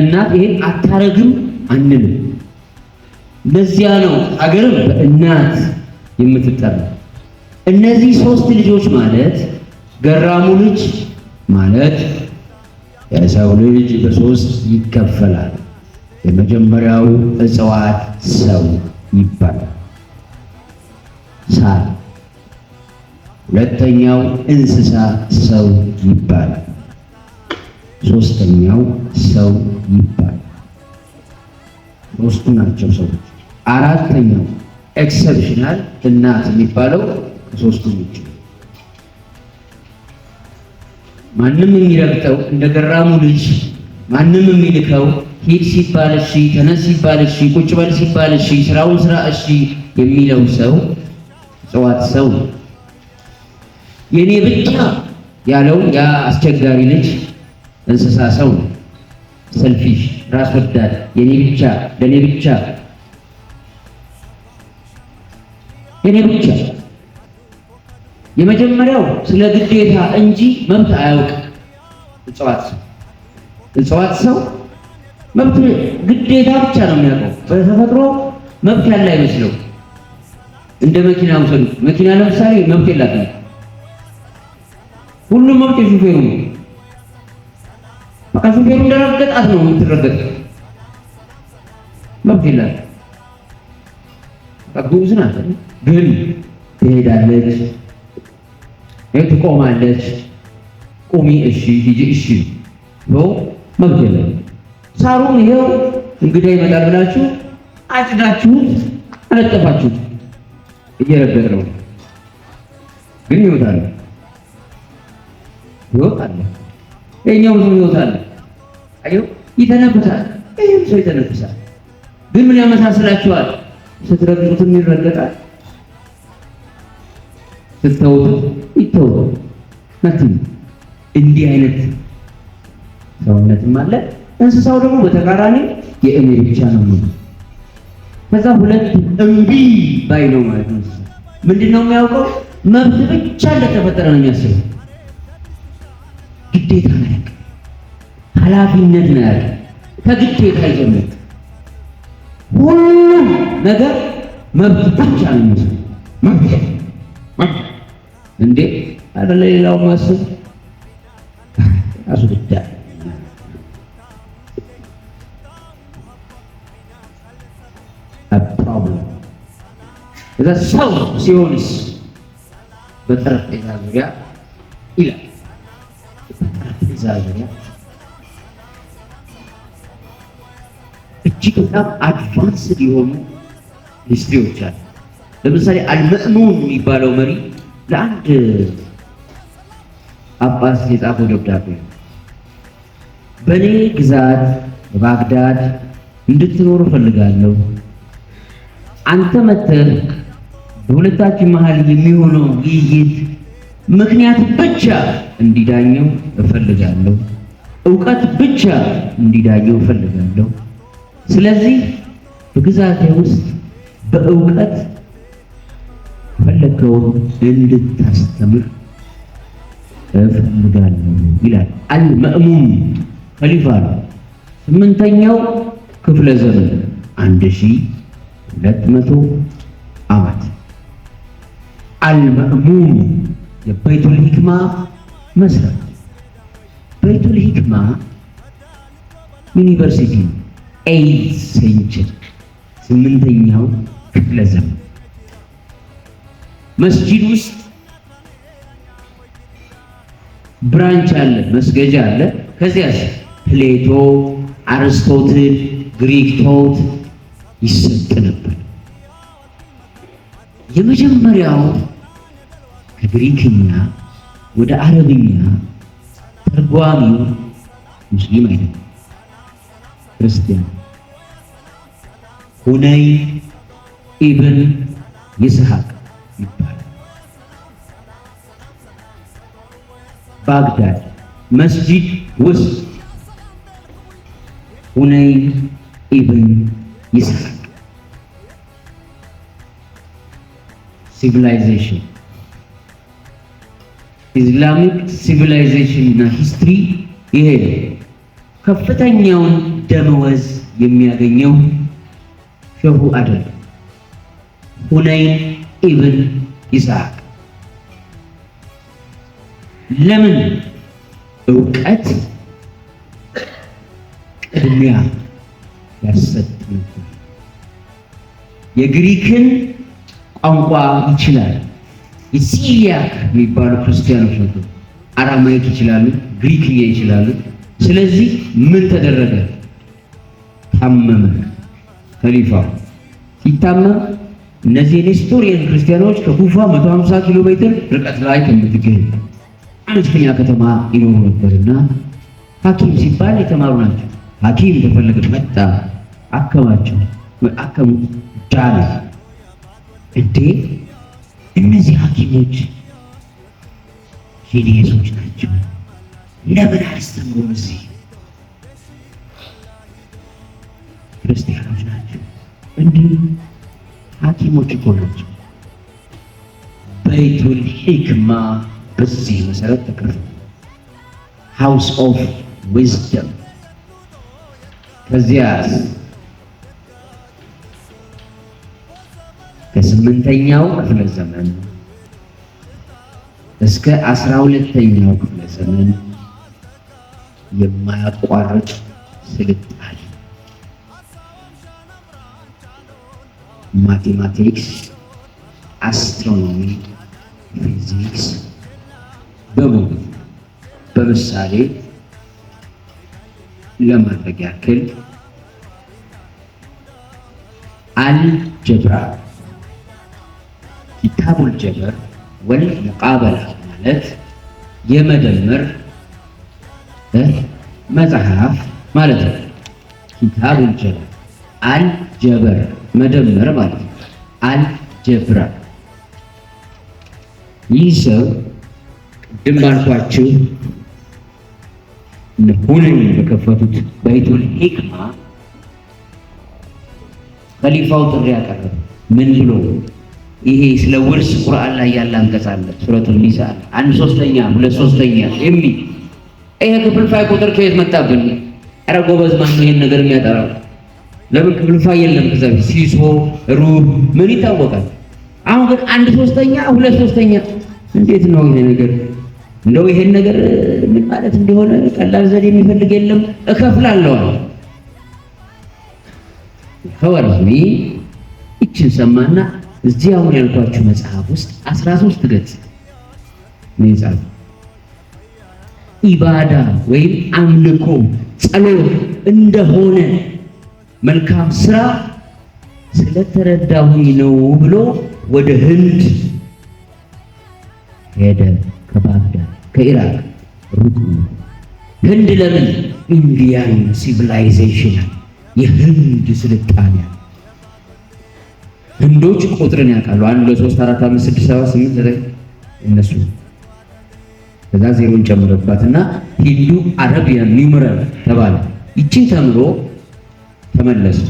እናት ይሄን አታረግም አንልም። ለዚያ ነው ሀገርም በእናት የምትጠራ። እነዚህ ሶስት ልጆች ማለት ገራሙ ልጅ ማለት የሰው ልጅ በሶስት ይከፈላል። የመጀመሪያው እጽዋት ሰው ይባላል፣ ሳር። ሁለተኛው እንስሳ ሰው ይባላል። ሶስተኛው ሰው ይባላል። ሶስቱ ናቸው ሰዎች። አራተኛው ኤክሰፕሽናል እናት የሚባለው ከሶስቱ ውጭ ማንም የሚረግጠው እንደ ገራሙ ልጅ ማንም የሚልከው ሂድ ሲባል እሺ፣ ተነስ ሲባል እሺ፣ ቁጭ በል ሲባል እሺ፣ ስራውን ስራ እሺ የሚለው ሰው እጽዋት ሰው የኔ ብቻ ያለው ያ አስቸጋሪ ልጅ እንስሳ ሰው ሰልፊሽ ራስ ወዳድ የኔ ብቻ ለኔ ብቻ የኔ ብቻ። የመጀመሪያው ስለ ግዴታ እንጂ መብት አያውቅም። እጽዋት እጽዋት ሰው መብት ግዴታ ብቻ ነው የሚያውቀው። በተፈጥሮ መብት ያለ አይመስለው። እንደ መኪና ውሰዱ። መኪና ለምሳሌ መብት የላትም። ሁሉም መብት የሹፌሩ ነው። በቃ ሹፌሩ እንደረገጣት ነው የምትረገጥ። መብት የላት። ጉብዝ ናት፣ ግን ትሄዳለች፣ ትቆማለች። ቁሚ እሺ፣ ሂጂ እሺ፣ መብት የላት። ሳሩን ይኸው እንግዳ ይመጣል ብላችሁ አጭዳችሁት፣ አለጠፋችሁት እየረገጥ ነው ግን ይወጣል፣ ይወጣል የኛው ሰው ህይወት አለ። አየሁ ይተነፍሳል፣ ይህም ሰው ይተነፍሳል። ግን ምን ያመሳስላችኋል? ስትረግጡትም ይረገጣል፣ ስትተውቱት ይተውታል። መትም እንዲህ አይነት ሰውነትም አለ። እንስሳው ደግሞ በተቃራኒ የእኔ ብቻ ነው። ከዛ ሁለት እምቢ ባይ ነው ማለት ነው። ምንድነው የሚያውቀው? መብት ብቻ እንደተፈጠረ ነው የሚያስበው ግዴታ ነው ኃላፊነት ነው ከግዴታ ይጀምር። ሁሉም ነገር መብት ብቻ ነው የሚመስለው። መብት መብት እንዴ ሌላው ማሰብ እዛ ሰው ሲሆንስ በጠረጴዛ ዙሪያ ይላል ዛዙሪያ እጅግ በጣም አድቫንስድ የሆኑ ሂስትሪዎች አሉ። ለምሳሌ አልመእሙን የሚባለው መሪ ለአንድ ጳጳስ የጻፈው ደብዳቤ ነው። በእኔ ግዛት በባግዳድ እንድትኖር እፈልጋለሁ። አንተ መተህ በሁለታችን መሀል የሚሆነው ውይይት ምክንያት ብቻ እንዲዳኘው እፈልጋለሁ። እውቀት ብቻ እንዲዳኘው እፈልጋለሁ። ስለዚህ በግዛቴ ውስጥ በእውቀት ፈለገውን እንድታስተምር እፈልጋለሁ ይላል። አልመእሙም ከሊፋ ነው። ስምንተኛው ክፍለ ዘመን አንድ ሺህ ሁለት መቶ ዓመት አልመእሙም የበይቱል ሂክማ መስራት። በይቱል ሂክማ ዩኒቨርሲቲ ኤይት ሴንቸሪ ስምንተኛው ክፍለ ዘመን መስጂድ ውስጥ ብራንች አለ፣ መስገጃ አለ። ከዚያስ ፕሌቶ፣ አርስቶትል፣ ግሪክ ቶት ይሰጥ ነበር። የመጀመሪያው ከግሪክኛ ወደ አረብኛ ተርጓሚው ሙስሊም አይደለም፣ ክርስቲያን ሁነይ ኢብን ይስሐቅ ይባላል። ባግዳድ መስጂድ ውስጥ ሁነይ ኢብን ይስሐቅ ሲቪላይዜሽን ኢስላሚክ ሲቪላይዜሽን እና ሂስትሪ ይሄ ከፍተኛውን ደመወዝ የሚያገኘው ሸሁ አደል ሁነይን ኢብን ይስሐቅ ለምን እውቀት ቅድሚያ ያሰጥ የግሪክን ቋንቋ ይችላል። የሲሪያክ የሚባሉ ክርስቲያኖች ናቸው። አራማይክ ይችላሉ፣ ግሪክኛ ይችላሉ። ስለዚህ ምን ተደረገ? ታመመ። ከሊፋ ሲታመም እነዚህ ኔስቶሪያን ክርስቲያኖች ከኩፋ 150 ኪሎ ሜትር ርቀት ላይ ከምትገኝ አነስተኛ ከተማ ይኖሩ ነበርና ሐኪም ሲባል የተማሩ ናቸው። ሐኪም ተፈለገ፣ መጣ፣ አከማቸው፣ አከሙ፣ ዳነ። እንዴ እነዚህ ሐኪሞች ፊዴሶች ናቸው። ለምን አያስተምሩም? እዚህ ክርስቲያኖች ናቸው። እንዲህ ሐኪሞች እኮ ናቸው። በይቱል ሂክማ በዚህ መሰረት ተከፈተ። ሃውስ ኦፍ ዊዝደም ከዚያ ከስምንተኛው ክፍለ ዘመን እስከ አስራ ሁለተኛው ክፍለ ዘመን የማያቋርጥ ስልጣን ማቴማቲክስ፣ አስትሮኖሚ፣ ፊዚክስ በሙሉ በምሳሌ ለማድረግ ያክል አልጀብራ ኪታቡል ጀበር ወል ሙቃበላ ማለት የመደመር መጽሐፍ ማለት ነው። ኪታቡል ጀበር አልጀበር መደመር ማለት ነው። አልጀብራ ይህ ሰው ቅድም ባልኳችሁ ሁንን በከፈቱት በይቱል ሂክማ ከሊፋው ጥሪ ያቀረበ ምን ብሎ ይሄ ስለ ውርስ ቁርአን ላይ ያለ አንቀጽ አለ። ሱረቱል ኒሳ አንድ ሶስተኛ ሁለት ሶስተኛ የሚል ይሄ ክፍል ቁጥር ከየት መጣብን? ኧረ ጎበዝ ማን ነው ይሄን ነገር የሚያጠራው? ለምን ክፍል የለም? ከዛ ሲሶ ሩብ ምን ይታወቃል? አሁን ግን አንድ ሶስተኛ ሁለት ሶስተኛ እንዴት ነው ይሄ ነገር? እንደው ይሄን ነገር ምን ማለት እንደሆነ ቀላል ዘዴ የሚፈልግ የለም። እከፍላለሁ ከወርሚ ይችን ሰማና እዚህ አሁን ያልኳችሁ መጽሐፍ ውስጥ አስራ ገጽ ነው የጻፈው። ኢባዳ ወይም አምልኮ ጸሎት እንደሆነ መልካም ስራ ስለተረዳሁኝ ነው ብሎ ወደ ህንድ ሄደ። ከባግዳድ ከኢራቅ ሩቅ ህንድ ለምን ኢንዲያን ሲቪላይዜሽን የህንድ ስልጣኔ ህንዶች ቁጥርን ያውቃሉ። አንድ ለሶስት አራት አምስት ስድስት ሰባት ስምንት ዘጠኝ እነሱ ከዛ ዜሮን ጨምረባት እና ሂንዱ አረቢያን ኒምረር ተባለ። ይችን ተምሮ ተመለሰ።